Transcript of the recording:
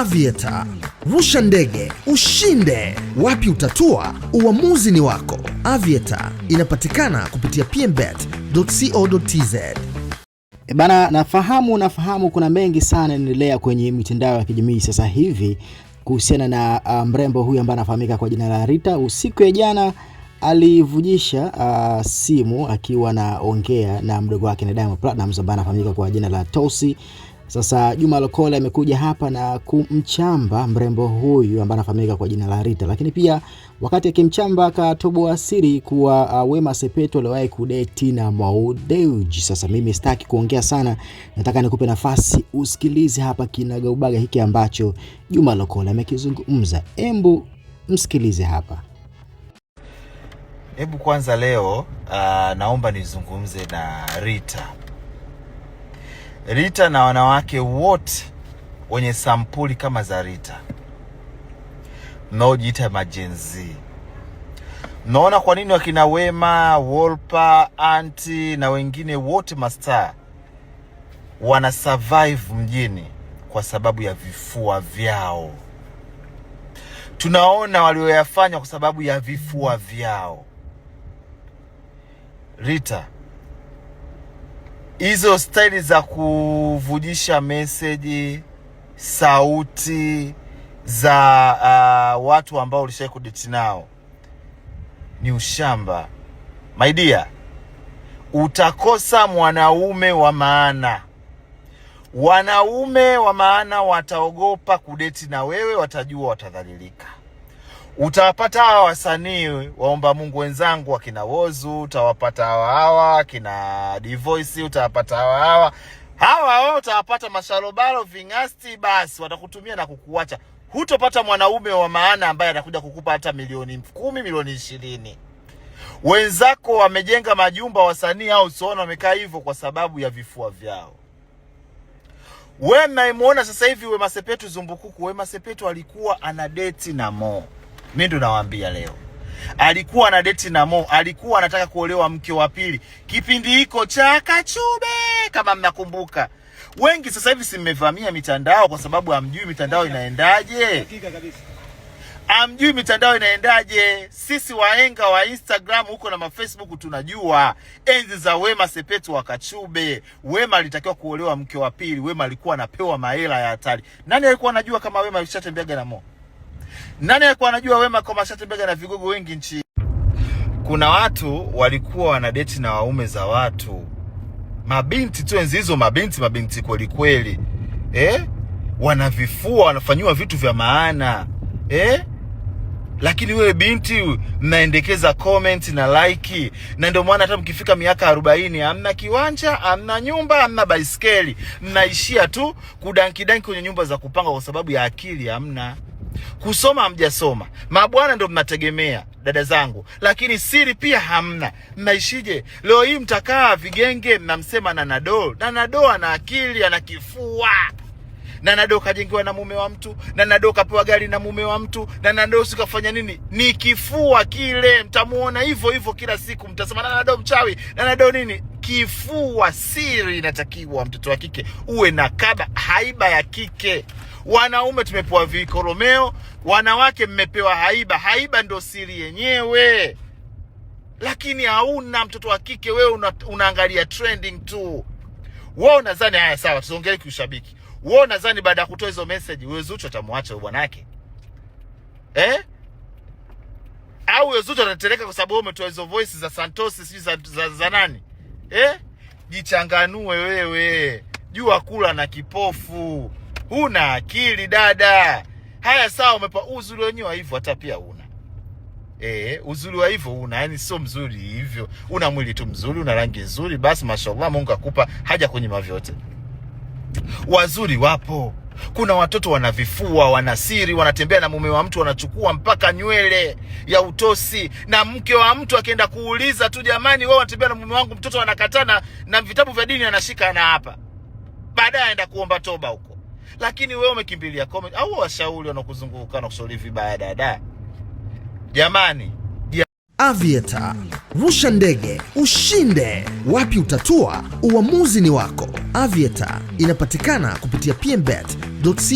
Aviator. Rusha ndege ushinde, wapi utatua? Uamuzi ni wako. Aviator inapatikana kupitia pmbet.co.tz. E bana, nafahamu nafahamu kuna mengi sana yanaendelea kwenye mitandao ya kijamii sasa hivi kuhusiana na mrembo huyu ambaye anafahamika kwa jina la Rita. Usiku ya jana alivujisha uh, simu akiwa anaongea na mdogo wake na Diamond Platnumz ambaye anafahamika kwa jina la Tosi sasa Juma Lokole amekuja hapa na kumchamba mrembo huyu ambaye anafahamika kwa jina la Rita, lakini pia wakati akimchamba akatoboa siri kuwa uh, Wema Sepetu aliwahi kudeti na Maudeuji. Sasa mimi sitaki kuongea sana, nataka nikupe nafasi usikilize hapa kinagaubaga hiki ambacho Juma Lokole amekizungumza. Embu msikilize hapa. Hebu kwanza leo uh, naomba nizungumze na Rita Rita na wanawake wote wenye sampuli kama za Rita mnaojiita majenzi. Mnaona kwa nini wakina Wema, Wolper, Anti na wengine wote mastaa wana survive mjini? Kwa sababu ya vifua vyao. Tunaona walioyafanya kwa sababu ya vifua vyao. Rita hizo staili za kuvujisha meseji, sauti za uh, watu ambao ulishai kudeti nao ni ushamba maidia Utakosa mwanaume wa maana. Wanaume wa maana wataogopa kudeti na wewe, watajua watadhalilika utawapata hawa wasanii waomba Mungu wenzangu wakina Wozu, utawapata hawa hawa akina Divoice, utawapata hawa hawa hawa wao, utawapata Masharobaro, Vingasti, basi watakutumia na kukuacha. Hutopata mwanaume wa maana ambaye anakuja kukupa hata milioni kumi, milioni ishirini. Wenzako wamejenga majumba wasanii au usiona wamekaa hivyo kwa sababu ya vifua vyao. We mnayemwona sasa hivi Wema Sepetu Zumbukuku, Wema Sepetu alikuwa ana deti na Mo mimi ndo nawaambia leo, alikuwa na deti na Mo, alikuwa anataka kuolewa mke wa pili kipindi hiko cha Kachube, kama mnakumbuka. Wengi sasa hivi simmevamia mitandao kwa sababu hamjui mitandao inaendaje, hamjui mitandao inaendaje. Sisi waenga wa Instagram huko na mafacebook tunajua enzi za Wema Sepetu wa Kachube, Wema alitakiwa kuolewa mke wa pili. Wema alikuwa anapewa mahela ya hatari. Nani alikuwa anajua kama Wema alishatembeaga na Mo? Nani alikuwa anajua Wema Commerce Attenberg na vigogo wengi nchi? Kuna watu walikuwa wanadeti na waume za watu, mabinti tu enzi hizo, mabinti mabinti kweli kweli, eh? Wana vifua, wanafanyiwa vitu vya maana eh? Lakini wewe binti mnaendekeza comment na like, na ndio maana hata mkifika miaka arobaini hamna kiwanja, hamna nyumba, hamna baiskeli, mnaishia tu kudankidanki kwenye nyumba za kupanga kwa sababu ya akili hamna. Kusoma hamjasoma, mabwana ndo mnategemea dada zangu, lakini siri pia hamna. Mnaishije leo hii? Mtakaa vigenge, mnamsema Nanado. Nanado ana akili, ana kifua. Nanado kajengewa na mume wa mtu, Nanado kapewa gari na mume wa mtu, Nanado sikafanya nini? Ni kifua kile, mtamuona hivyo hivyo kila siku, mtasema Nanado mchawi, Nanado nini? Kifua. Siri inatakiwa mtoto wa kike uwe na kaba, haiba ya kike. Wanaume tumepewa vikoromeo, wanawake mmepewa haiba. Haiba ndo siri yenyewe, lakini hauna mtoto wa kike wewe una, unaangalia trending tu. Wewe unadhani haya sawa, tusiongee kiushabiki. Wewe unadhani baada ya kutoa hizo message wewe Zuchu atamwacha wewe bwanake eh? Au wewe Zuchu anatereka kwa sababu umetoa hizo voice za Santos sijui za, za, za nani eh? Jichanganue wewe, jua kula na kipofu huna akili dada. Haya, sawa, umepa uzuri wenyewe hivyo, hata pia una e, eh, uzuri wa hivyo una, yani sio mzuri hivyo, una mwili tu mzuri, una rangi nzuri, basi mashallah, Mungu akupa haja kwenye mavyote. Wazuri wapo, kuna watoto wana vifua, wana siri, wanatembea na mume wa mtu, wanachukua mpaka nywele ya utosi, na mke wa mtu akienda kuuliza tu, jamani, wewe wanatembea na mume wangu, mtoto anakatana na vitabu vya dini anashika, na hapa, baadaye aenda kuomba toba huko lakini wewe umekimbilia comment au washauri wanakuzunguka na kushauri vibaya dada. Jamani, Avieta, rusha ndege ushinde. Wapi utatua? Uamuzi ni wako. avieta inapatikana kupitia pmbet.co.tz.